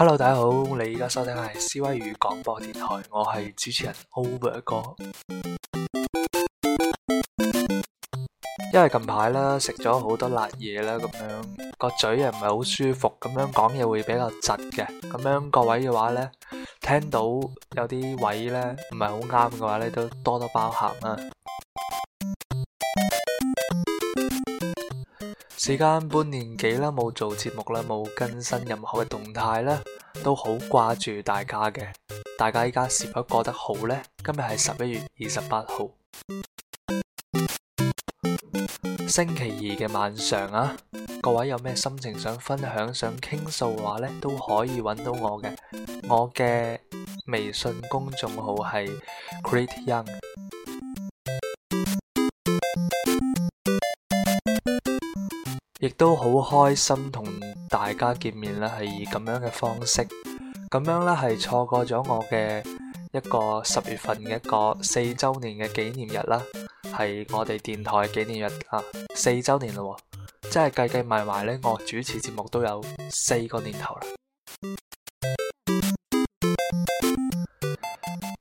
Hello，大家好，你而家收聽係思威語廣播電台，我係主持人 Over 哥。因為近排啦，食咗好多辣嘢啦，咁樣個嘴又唔係好舒服，咁樣講嘢會比較窒嘅。咁樣各位嘅話呢，聽到有啲位呢唔係好啱嘅話呢，都多多包涵啊。時間半年幾啦，冇做節目啦，冇更新任何嘅動態啦，都好掛住大家嘅。大家依家是否過得好呢？今日係十一月二十八號， 星期二嘅晚上啊。各位有咩心情想分享、想傾訴嘅話呢，都可以揾到我嘅。我嘅微信公眾號係 Create Young。亦都好開心同大家見面啦，係以咁樣嘅方式，咁樣咧係錯過咗我嘅一個十月份嘅一個四周年嘅紀念日啦，係我哋電台嘅紀念日啊，四周年喇喎，即係計計埋埋咧，我主持節目都有四個年頭啦。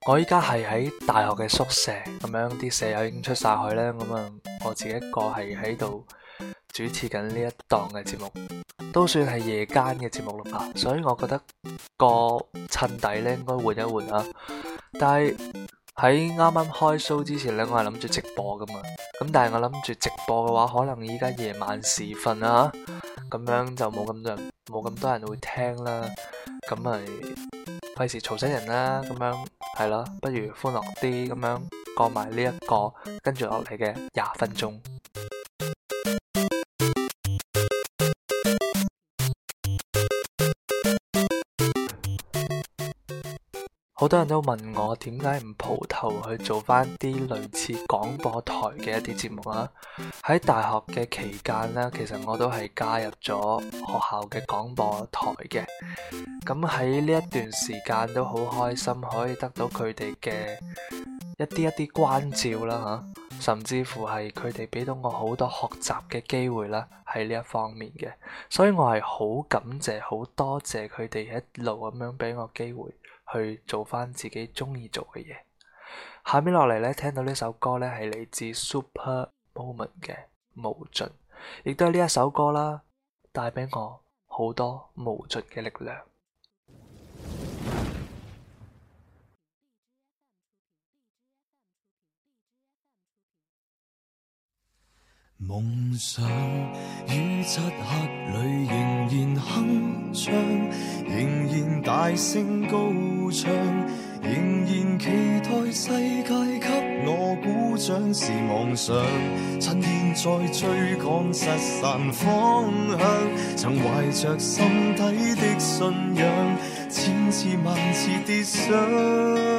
我依家係喺大學嘅宿舍，咁樣啲舍友已經出晒去咧，咁啊，我自己一個係喺度。主持緊呢一檔嘅節目，都算係夜間嘅節目啦，所以我覺得個襯底咧應該換一換啊。但係喺啱啱開 show 之前呢，我係諗住直播噶嘛，咁但係我諗住直播嘅話，可能依家夜晚時分啊，咁樣就冇咁多人，冇咁多人會聽啦，咁咪費事嘈醒人啦，咁樣係咯，不如歡樂啲咁樣過埋呢一個跟住落嚟嘅廿分鐘。好多人都問我點解唔蒲頭去做翻啲類似廣播台嘅一啲節目啊。喺大學嘅期間呢，其實我都係加入咗學校嘅廣播台嘅。咁喺呢一段時間都好開心，可以得到佢哋嘅一啲一啲關照啦，吓甚至乎係佢哋俾到我好多學習嘅機會啦，喺呢一方面嘅，所以我係好感謝，好多謝佢哋一路咁樣俾我機會。去做翻自己鍾意做嘅嘢。下面落嚟咧，聽到呢首歌咧，係嚟自 Super Moment 嘅《無盡》，亦都係呢一首歌啦，帶畀我好多無盡嘅力量。夢想於漆黑裏仍然哼唱，仍然大聲高唱，仍然期待世界給我鼓掌。是妄想，趁現在追趕失散方向，曾懷着心底的信仰，千次萬次跌傷。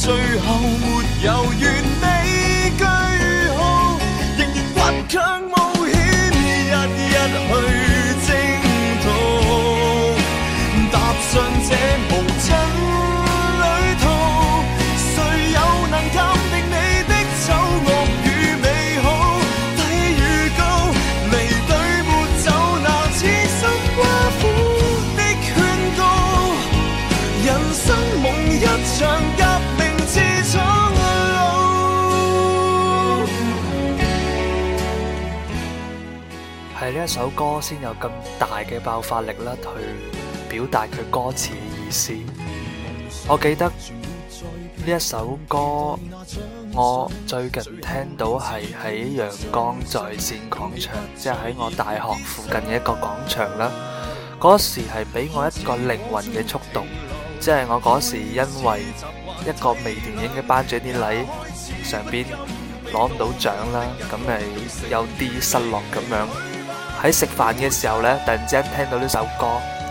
最後沒有怨。首歌先有咁大嘅爆發力啦，去表達佢歌詞嘅意思。我記得呢一首歌，我最近聽到係喺陽光在線廣場，即係喺我大學附近嘅一個廣場啦。嗰時係俾我一個靈魂嘅觸動，即係我嗰時因為一個微電影嘅頒獎典禮上邊攞唔到獎啦，咁咪有啲失落咁樣。喺食飯嘅時候呢，突然之間聽到呢首歌，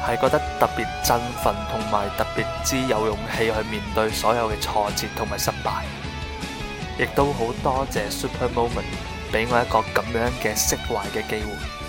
係覺得特別振奮，同埋特別之有勇氣去面對所有嘅挫折同埋失敗，亦都好多謝 Super Moment 俾我一個咁樣嘅釋懷嘅機會。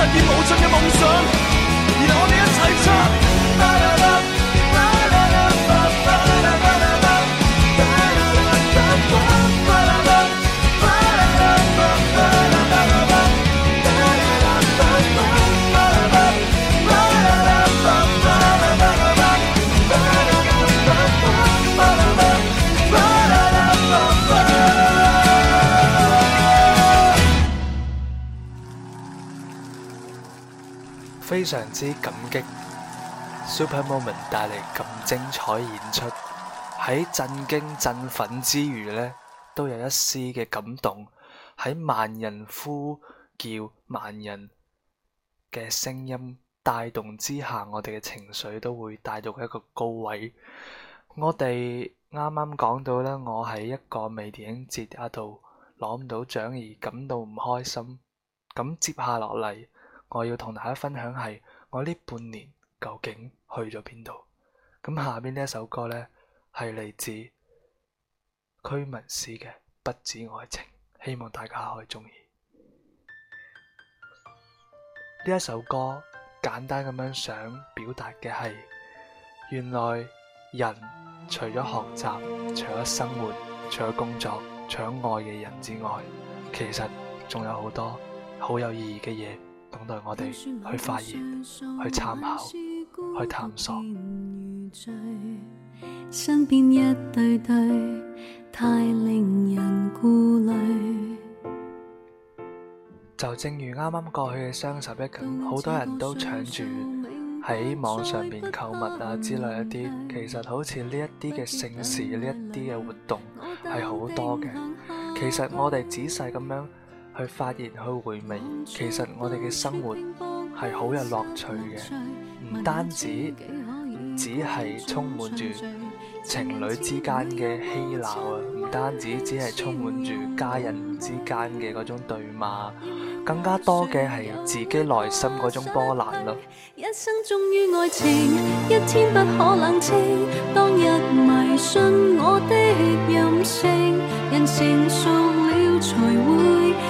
實現無盡嘅夢想，而我呢一非常之感激 Super Moment 帶嚟咁精彩演出，喺震驚振奮之餘咧，都有一絲嘅感動。喺萬人呼叫、萬人嘅聲音帶動之下，我哋嘅情緒都會帶到一個高位。我哋啱啱講到咧，我喺一個微電影節度攞唔到獎而感到唔開心，咁接下落嚟。我要同大家分享係我呢半年究竟去咗邊度？咁下面呢一首歌呢，係嚟自區文詩嘅《不止愛情》，希望大家可以中意呢一首歌。簡單咁樣想表達嘅係，原來人除咗學習、除咗生活、除咗工作、除咗愛嘅人之外，其實仲有好多好有意義嘅嘢。等待我哋去發現、去參考、去探索。 就正如啱啱過去嘅雙十一咁，好多人都搶住喺網上面購物啊之類一啲，其實好似呢一啲嘅盛事，呢一啲嘅活動係好多嘅。其實我哋仔細咁樣，去發現去回味，其實我哋嘅生活係好有樂趣嘅，唔單止只係充滿住情侶之間嘅嬉鬧啊，唔單止只係充滿住家人之間嘅嗰種對罵，更加多嘅係自己內心嗰種波瀾啦。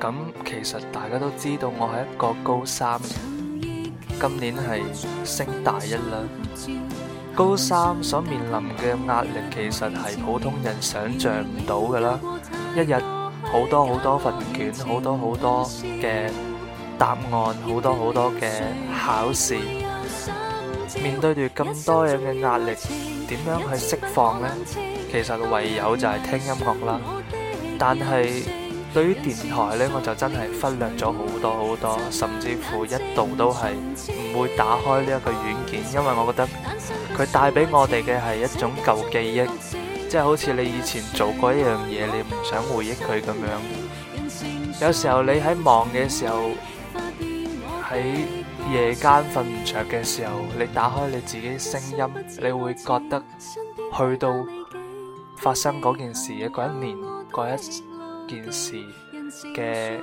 咁其實大家都知道我係一個高三，今年係升大一啦。高三所面臨嘅壓力其實係普通人想象唔到噶啦。一日好多好多份卷，好多好多嘅答案，好多好多嘅考試。面對住咁多樣嘅壓力，點樣去釋放呢？其實唯有就係聽音樂啦。但係，對於電台呢，我就真係忽略咗好多好多，甚至乎一度都係唔會打開呢一個軟件，因為我覺得佢帶俾我哋嘅係一種舊記憶，即係好似你以前做過一樣嘢，你唔想回憶佢咁樣。有時候你喺忙嘅時候，喺夜間瞓唔着嘅時候，你打開你自己聲音，你會覺得去到發生嗰件事嘅嗰一年，嗰一件事嘅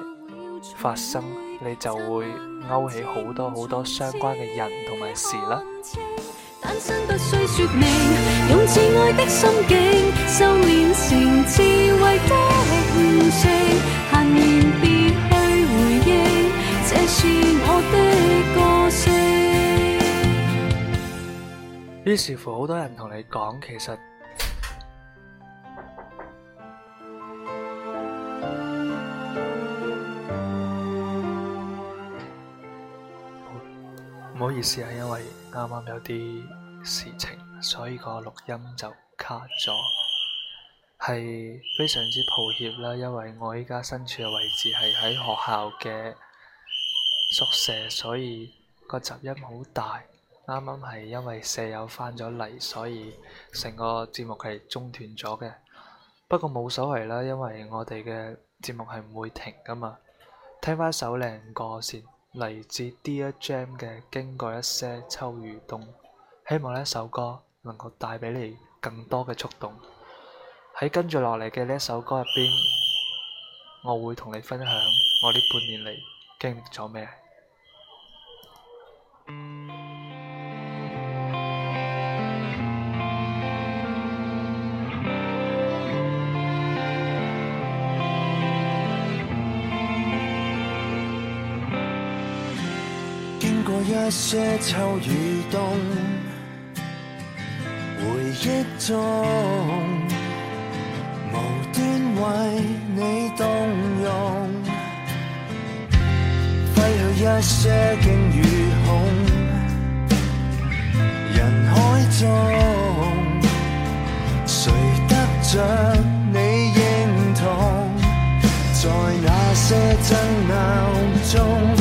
發生，你就會勾起好多好多相關嘅人同埋事啦。於 是乎，好多人同你講，其實。事係因為啱啱有啲事情，所以個錄音就卡咗，係非常之抱歉啦。因為我依家身處嘅位置係喺學校嘅宿舍，所以個雜音好大。啱啱係因為舍友翻咗嚟，所以成個節目係中斷咗嘅。不過冇所謂啦，因為我哋嘅節目係唔會停噶嘛。聽翻首靚歌先。嚟自 Dear Jam 嘅經過一些秋與冬，希望呢首歌能夠帶畀你更多嘅觸動。喺跟住落嚟嘅呢首歌入邊，我會同你分享我呢半年嚟經歷咗咩。一些秋與冬，回憶中，無端為你動容。揮去一些驚與恐，人海中，誰得着你認同？在那些爭拗中。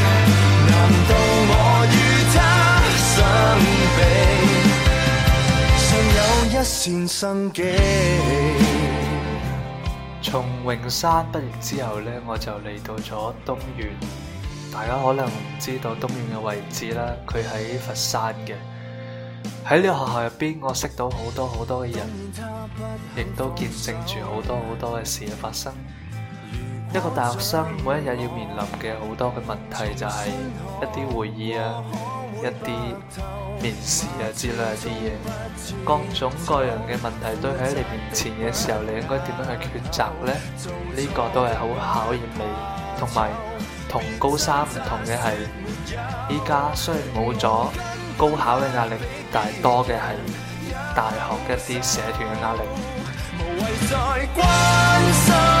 生從榮山畢業之後呢，我就嚟到咗東苑。大家可能唔知道東苑嘅位置啦，佢喺佛山嘅。喺呢個學校入邊，我識到好多好多嘅人，亦都見證住好多好多嘅事嘅發生。一個大學生每一日要面臨嘅好多嘅問題就係一啲會議啊、一啲面試啊之類一啲嘢，各種各樣嘅問題堆喺你面前嘅時候，你應該點樣去抉擇呢？呢個都係好考驗你，同埋同高三唔同嘅係，依家雖然冇咗高考嘅壓力，但係多嘅係大學一啲社團嘅壓力。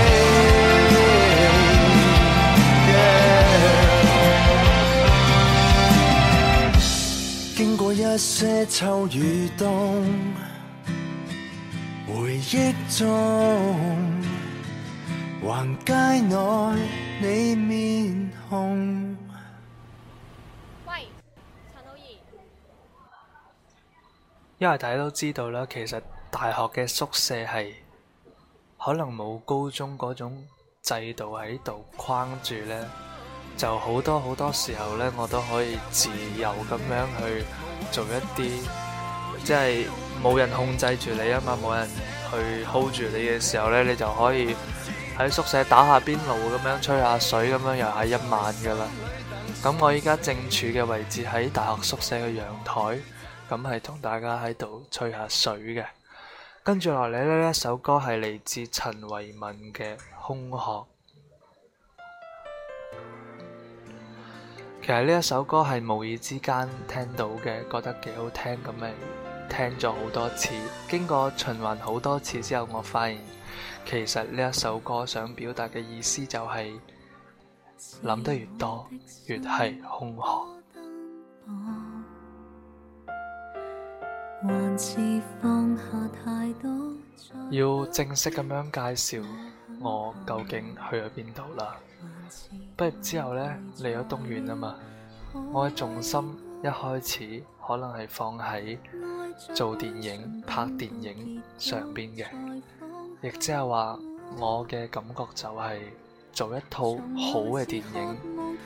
秋雨冬，回憶中街內你面紅喂，陳老師。因為大家都知道啦，其實大學嘅宿舍係可能冇高中嗰種制度喺度框住咧。就好多好多時候呢，我都可以自由咁樣去做一啲，即係冇人控制住你啊嘛，冇人去 hold 住你嘅時候呢，你就可以喺宿舍打下邊爐咁樣吹下水咁樣，又係一晚噶啦。咁我依家正處嘅位置喺大學宿舍嘅陽台，咁係同大家喺度吹下水嘅。跟住落嚟呢一首歌係嚟自陳慧敏嘅《空殼》。其實呢一首歌係無意之間聽到嘅，覺得幾好聽，咁咪聽咗好多次。經過循環好多次之後，我發現其實呢一首歌想表達嘅意思就係、是、諗得越多，越係空殼。要正式咁樣介紹我究竟去咗邊度啦。畢業之後呢，嚟咗東軟啊嘛，我嘅重心一開始可能係放喺做電影、拍電影上邊嘅，亦即係話我嘅感覺就係做一套好嘅電影，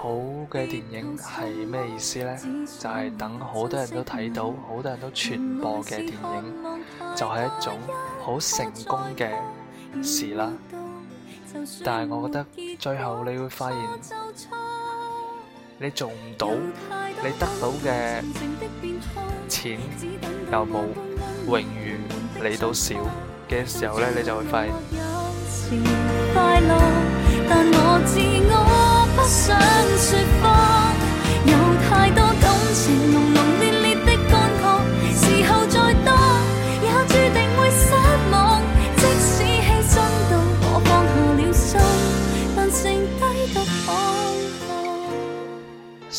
好嘅電影係咩意思呢？就係、是、等好多人都睇到，好多人都傳播嘅電影，就係一種好成功嘅事啦。但係我覺得最後你會發現，你做唔到，你得到嘅錢又冇，永遠你到少嘅時候呢，你就會發現。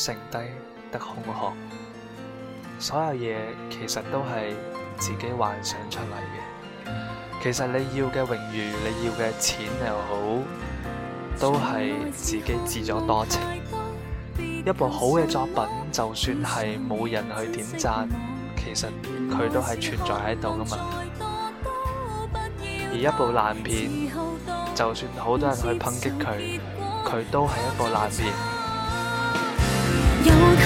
剩低得空殼，所有嘢其實都係自己幻想出嚟嘅。其實你要嘅榮譽，你要嘅錢又好，都係自己自作多情。一部好嘅作品，就算係冇人去點讚，其實佢都係存在喺度噶嘛。而一部爛片，就算好多人去抨擊佢，佢都係一部爛片。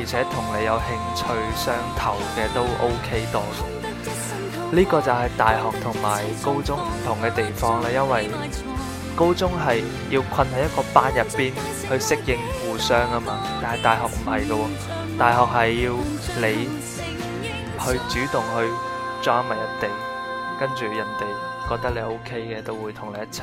而且同你有興趣相投嘅都 OK 多，呢個就係大學同埋高中唔同嘅地方啦。因為高中係要困喺一個班入邊去適應互相啊嘛，但係大學唔係噶喎，大學係要你去主動去 join 埋一哋，跟住人哋覺得你 OK 嘅都會同你一齊。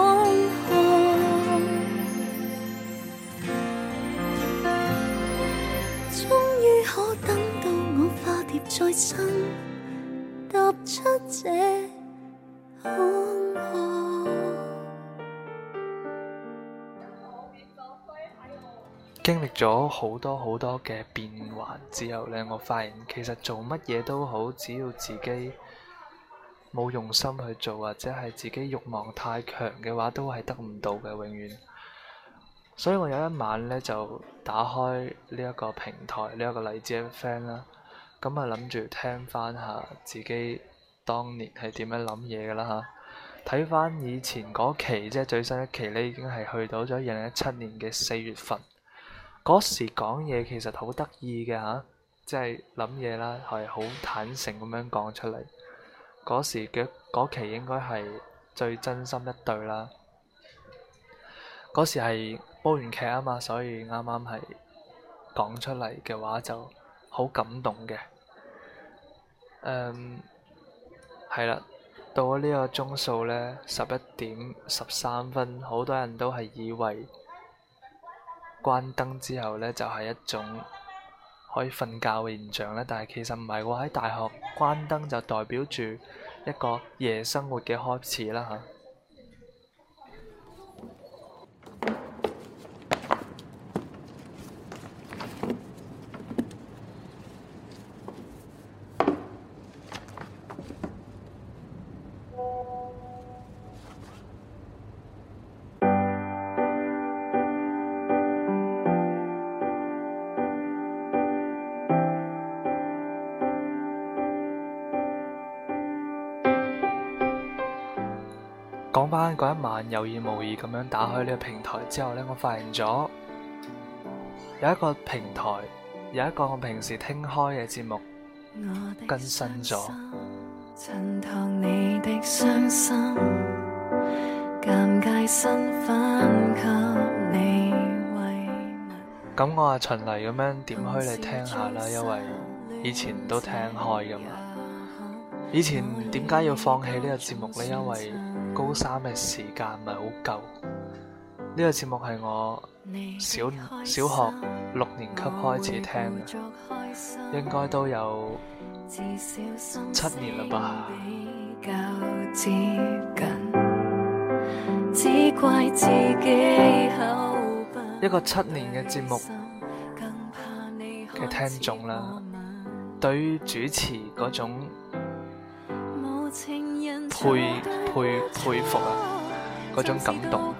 經歷咗好多好多嘅變幻之後咧，我發現其實做乜嘢都好，只要自己冇用心去做，或者係自己慾望太強嘅話，都係得唔到嘅，永遠。所以我有一晚呢，就打開呢一個平台，呢、這、一個荔枝 FM 啦。咁啊，諗住聽翻下自己當年係點樣諗嘢嘅啦吓，睇翻以前嗰期，即係最新一期呢，你已經係去到咗二零一七年嘅四月份。嗰時講嘢其實好得意嘅吓，即係諗嘢啦，係好坦誠咁樣講出嚟。嗰時嘅嗰期應該係最真心一對啦。嗰時係煲完劇啊嘛，所以啱啱係講出嚟嘅話就好感動嘅。嗯，係啦、um，到咗呢個鐘數咧，十一點十三分，好多人都係以為關燈之後咧就係、是、一種可以瞓覺嘅現象咧，但係其實唔係喎，喺大學關燈就代表住一個夜生活嘅開始啦，嚇、啊。班嗰一晚，有意無意咁樣打開呢個平台之後呢，我發現咗有一個平台，有一個我平時聽開嘅節目更新咗。咁我啊循例咁樣點開嚟聽下啦，因為以前都聽開噶嘛。以前點解要放棄呢個節目呢？因為高三嘅時間唔係好夠，呢個節目係我小小學六年級開始聽嘅，應該都有七年啦吧。一個七年嘅節目嘅聽眾啦，對於主持嗰種配。佩佩服啊，嗰種感動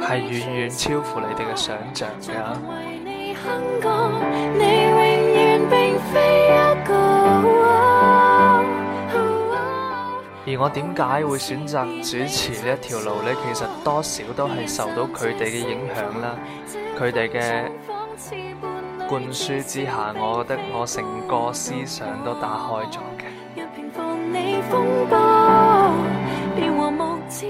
係遠遠超乎你哋嘅想象噶。而我點解會選擇主持呢一條路呢？其實多少都係受到佢哋嘅影響啦，佢哋嘅。灌輸之下，我覺得我成個思想都打開咗嘅。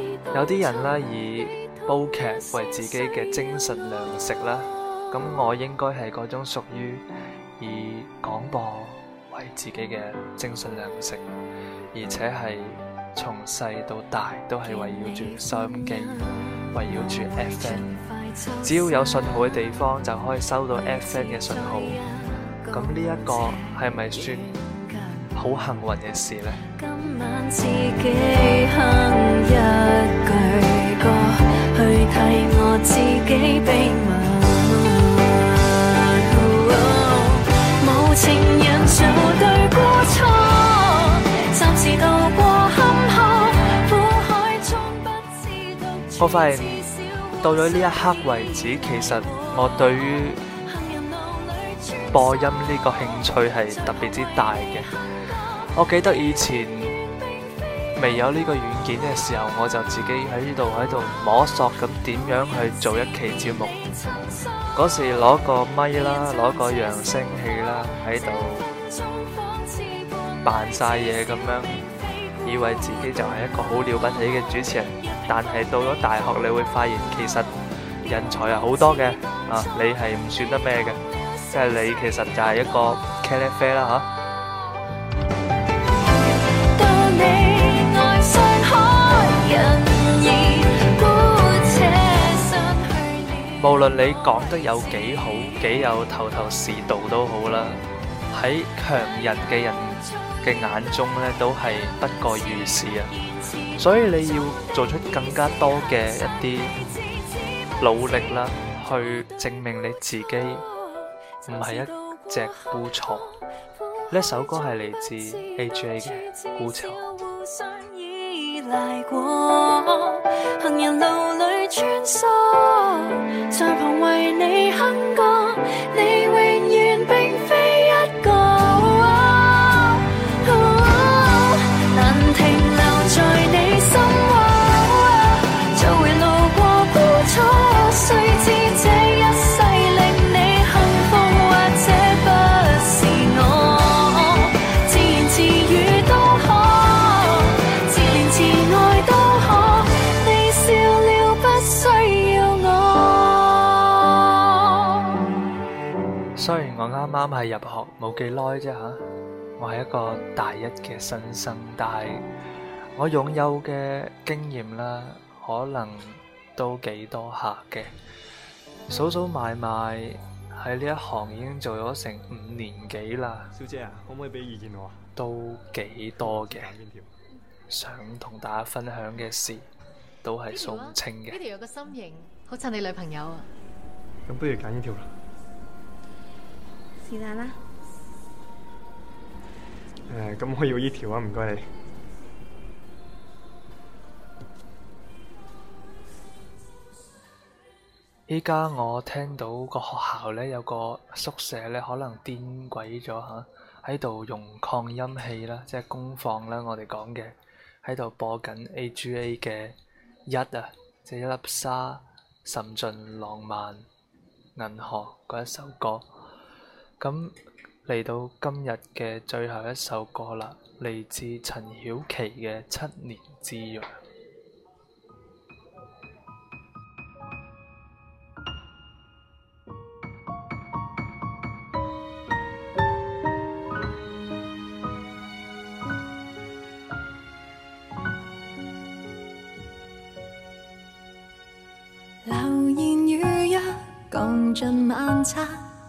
有啲人呢，以煲劇為自己嘅精神糧食啦，咁我應該係嗰種屬於以廣播為自己嘅精神糧食，而且係從細到大都係圍繞住收音機，圍繞住 FM。只要有信號嘅地方，就可以收到 FN 嘅信號，咁呢一個係咪算好幸運嘅事呢？我係。到咗呢一刻為止，其實我對於播音呢個興趣係特別之大嘅。我記得以前未有呢個軟件嘅時候，我就自己喺呢度喺度摸索咁點樣去做一期節目。嗰時攞個咪啦，攞個揚聲器啦，喺度扮晒嘢咁樣，以為自己就係一個好了不起嘅主持人。但係到咗大學，你會發現其實人才係好多嘅，不啊，你係唔算得咩嘅，即係你其實就係一個茄哩啡啦，吓、啊，無論你講得有幾好，幾有頭頭是道都好啦，喺強人嘅人嘅眼中呢，都係不過如是。啊。所以你要做出更加多嘅一啲努力啦，去證明你自己唔係一隻孤雛。呢一首歌係嚟自 A J 嘅孤雛。啱係入學冇幾耐啫吓，我係一個大一嘅新生，但係我擁有嘅經驗啦，可能都幾多下嘅，數數埋埋喺呢一行已經做咗成五年幾啦。小姐啊，可唔可以俾意見我啊？都幾多嘅，想同大家分享嘅事都係數唔清嘅。呢條啊、呢條有個心形，好襯你女朋友啊。咁不如揀呢條啦。咁我要呢條啊！唔該你。而家我聽到個學校呢，有個宿舍呢，可能癲鬼咗嚇，喺度用擴音器啦，即係功放啦，我哋講嘅，喺度播緊 A G A 嘅一啊，即係一粒沙滲進浪漫銀河嗰一首歌。咁嚟到今日嘅最後一首歌啦，嚟自陳曉琪嘅《七年之癢》。流言如約，共進晚餐。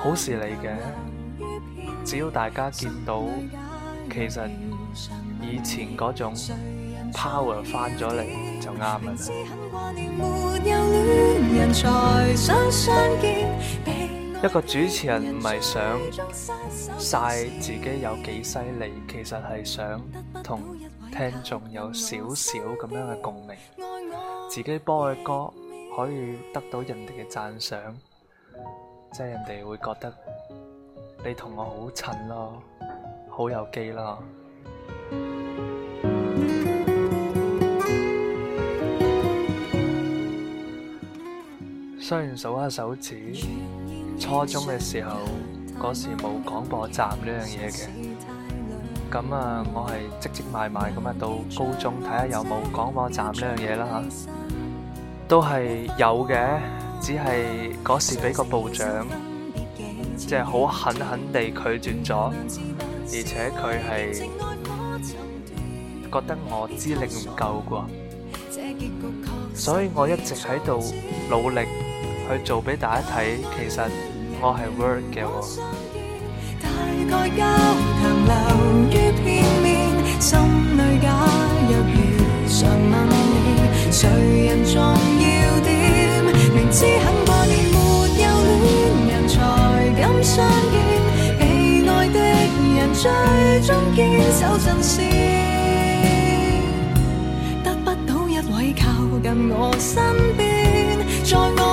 好事嚟嘅，只要大家見到，其實以前嗰種 power 翻咗嚟就啱嘅啦。 一個主持人唔係想晒自己有幾犀利，其實係想同聽眾有少少咁樣嘅共鳴，自己播嘅歌可以得到人哋嘅讚賞。即係人哋會覺得你同我好襯咯，好有機咯。 雖然數下手指，初中嘅時候嗰時冇廣播站呢樣嘢嘅，咁啊，我係積積埋埋咁啊到高中睇下有冇廣播站呢樣嘢啦吓，都係有嘅。只係嗰時俾個部長，即係好狠狠地拒絕咗，而且佢係覺得我資歷唔夠啩，所以我一直喺度努力去做俾大家睇，其實我係 work 嘅喎。 只肯掛念沒有戀人才敢相見，被愛的人最終堅守陣線，得不到一位靠近我身邊，在我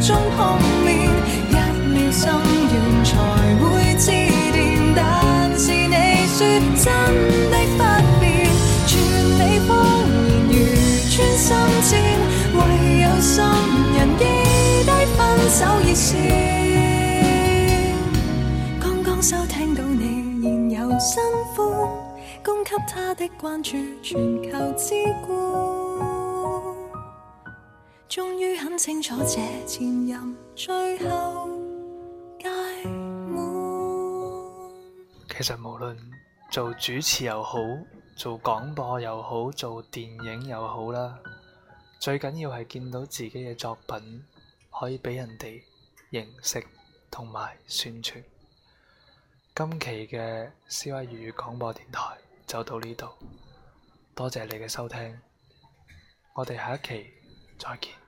中碰面，一秒心軟才會致電，但是你説真的不變，全你謊言如穿心箭，唯有心人依低分手熱線。剛剛收聽到你現有新歡，供給他的關注全球之冠。終於很清楚，這前任最後其實，無論做主持又好，做廣播又好，做電影又好啦，最緊要係見到自己嘅作品可以畀人哋認識同埋宣傳。今期嘅思威粵語廣播電台就到呢度，多謝你嘅收聽，我哋下一期再見。